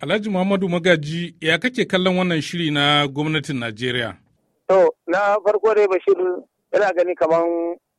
Alhaji Muhammadu Magaji ya kake kallon wannan shiri na gwamnatin Najeriya? To, na farko dai Bashir yana gani kamar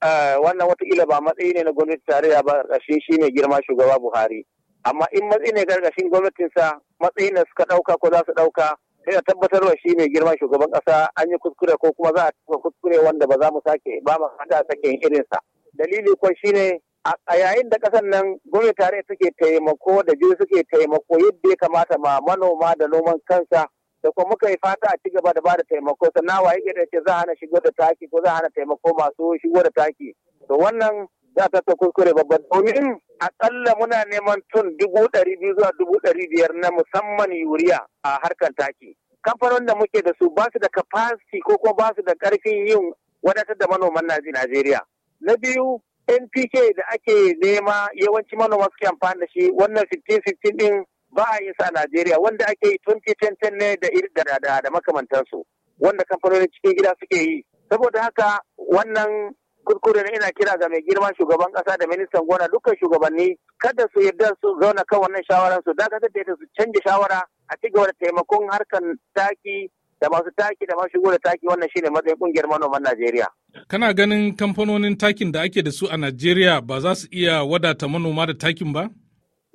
eh, wannan watakila ba matsayi ne na gwamnatin tarayya ba ƙarshe shi ne girma shugaba Buhari. Amma in matsayi ne ƙarƙashin gwamnatinsa matsayin da suka ɗauka ko za su ɗauka sai a tabbatarwa shi ne girma shugaban ƙasa an yi kuskure ko kuma za a kuskure wanda ba za mu sake ba mu hada sake irinsa. Dalili kuwa shi ne a yayin da kasan nan gwamnati tare suke taimako da biyu suke taimako yadda ya kamata ma manoma da noman kansa da kuma muka yi fata a ci gaba da ba da taimako sannan wa yake da ce za a hana shigo da taki ko za a hana taimako masu shigo da taki to wannan za ta ta kuskure babban domin akalla muna neman tun dubu ɗari biyu zuwa dubu ɗari biyar na musamman yuriya a harkar taki kamfanin da muke da su ba su da capacity ko kuma ba su da ƙarfin yin wadatar da manoman Najeriya. Na biyu NPK da ake nema yawanci manoma suke amfani da shi wannan 15-15 din ba a yin sa a Najeriya wanda ake yi 2010 ne da iri da da makamantansu wanda kamfanonin cikin gida suke yi. Saboda haka wannan kurkure ina kira ga mai girman shugaban kasa da ministan gona dukkan shugabanni kada su yarda su zauna kan wannan shawaran su dakatar da ita su canja shawara a ci gaba da taimakon harkar taki da masu taki da masu shigo da taki wannan shine matsayin kungiyar manoman Najeriya. Kana ganin kamfanonin takin da ake da su a Najeriya ba za su iya wadata manoma da takin ba?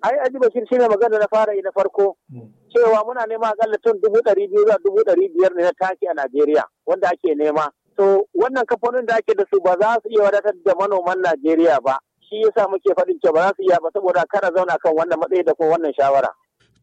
Ai Aji Bashir ne magana na fara yi na farko hmm. cewa muna nema akalla tun dubu ɗari biyu zuwa dubu ɗari biyar ne na taki a Najeriya wanda ake nema. To wannan kamfanonin da ake da su ba za su iya wadatar da manoman Najeriya ba. Shi yasa muke faɗin cewa ba za su iya ba saboda kara zauna kan wannan matsayi da kuma wannan shawara.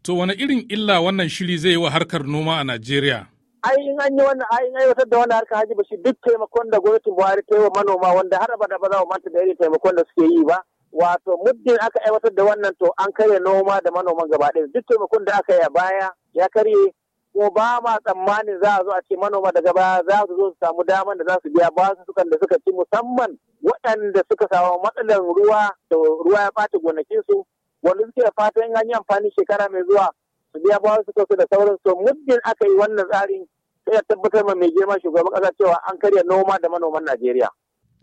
To wani irin illa wannan shiri zai yi wa harkar noma a Najeriya? ai in an yi wannan ai in aiwatar da wannan harkar haji bashi duk taimakon da gwamnatin Buhari ta yi wa manoma wanda har abada ba za mu manta da irin taimakon da suke yi ba wato muddin aka aiwatar da wannan to an karya noma da manoman gaba ɗaya duk taimakon da aka yi a baya ya karye ko ba ma tsammanin za a zo a ce manoma daga baya za su zo su samu daman da za su biya ba su sukan da suka ci musamman waɗanda suka samu matsalar ruwa da ruwa ya ɓata gonakinsu wanda suke da fatan an yi amfani shekara mai zuwa su biya ba su da sauransu to muddin aka yi wannan tsarin sai ya tabbatar ma mai girma shugaban kasa cewa an karya noma da manoman Najeriya.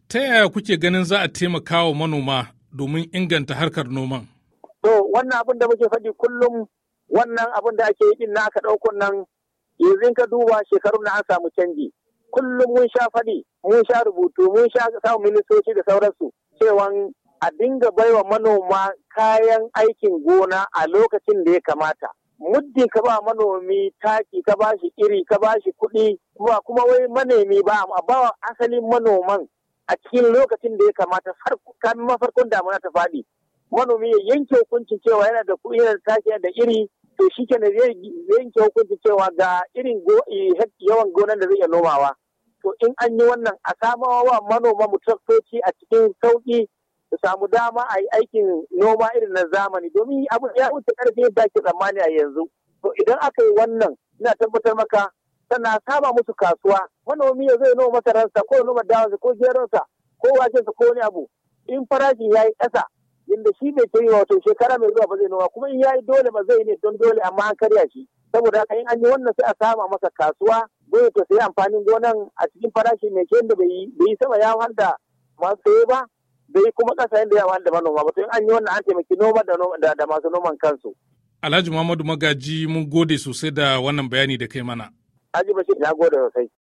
Ta yaya kuke ganin za a taimaka wa manoma domin inganta harkar noman? To wannan abin da muke faɗi kullum wannan abin da ake yi na aka ɗaukun nan yanzu ka duba shekarun na an samu canji. Kullum mun sha faɗi, mun sha rubutu, mun sha samun ministoci da sauransu cewa a dinga baiwa manoma kayan aikin gona a lokacin da ya kamata. muddin ka ba manomi taki ka ba shi iri ka ba shi kuɗi ba kuma wai manemi ba a ba asalin manoman a cikin lokacin da ya kamata kamin mafarkon damuna ta faɗi manomi ya yanke hukuncin cewa yana da kuɗi yana da taki da iri to shi ke yanke hukuncin cewa ga irin eh, yawan gonan da zai iya nomawa to in an yi wannan a samawa wa manoma mu a cikin sauƙi su samu dama a yi aikin noma irin na zamani domin abu ya wuce karfi yadda ake tsammani a yanzu to idan aka yi wannan ina tabbatar maka tana saba musu kasuwa manomi ya zai noma masararsa ko noma dawansa ko geronsa ko wakensa ko wani abu in farashi ya yi ƙasa inda shi bai wa wato shekara mai zuwa ba zai noma kuma in ya yi dole ba zai ne don dole amma an karya shi saboda haka in an yi wannan sai a sama masa kasuwa zai ta sayi amfanin gonan a cikin farashi mai kyan da bai yi sama ya wanda masu saye ba dai kuma ƙasashen da yawa da manoma ba to in an yi wannan an taimaki noma da da masu noman kansu Alhaji Muhammadu Magaji mun gode sosai da wannan bayani da kai mana Alhaji Bashir na gode sosai